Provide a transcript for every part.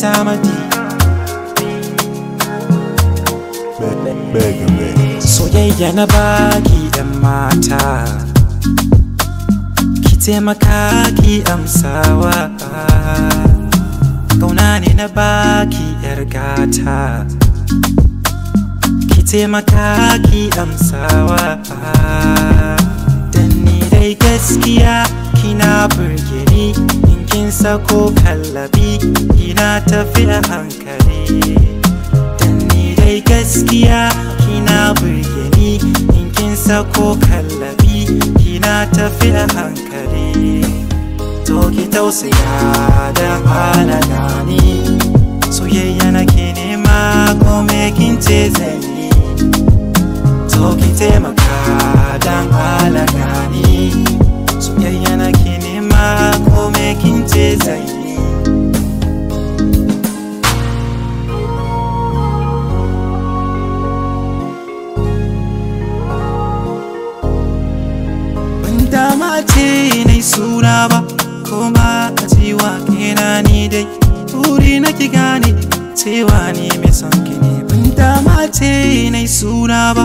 samadi soyayya na baki da mata ki taimaka ki amsawa kauna ne na baki yar gata ki taimaka ki amsawa danni dai gaskiya kina burge sako kallabi kina tafi a hankali dan dai gaskiya kina burge ni in kin sako kallabi kina tafi a hankali to ki tausaya da halala ni soyayya nake nema ko me kin ce zan yi to ki taimaka dan halala zai yi dama ce nai suna ba koma a jiwa kena ni dai turi na ki gane cewa ni mai son ki ne ban dama ce nai suna ba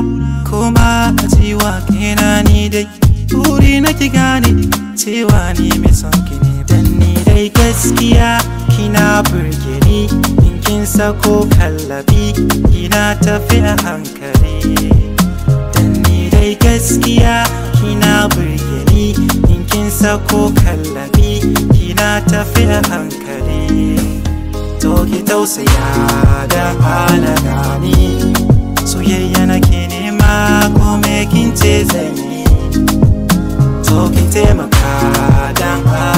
koma a jiwa kena ni dai turi na ki gane cewa ni mai son ki ne kai gaskiya kina burge ni kin sako kallabi kina tafi a hankali dan dai gaskiya kina burge ni kin sako kallabi kina tafi a hankali to ki tausaya da halaka gani soyayya nake nema ko me kin ce zan yi to ki taimaka dan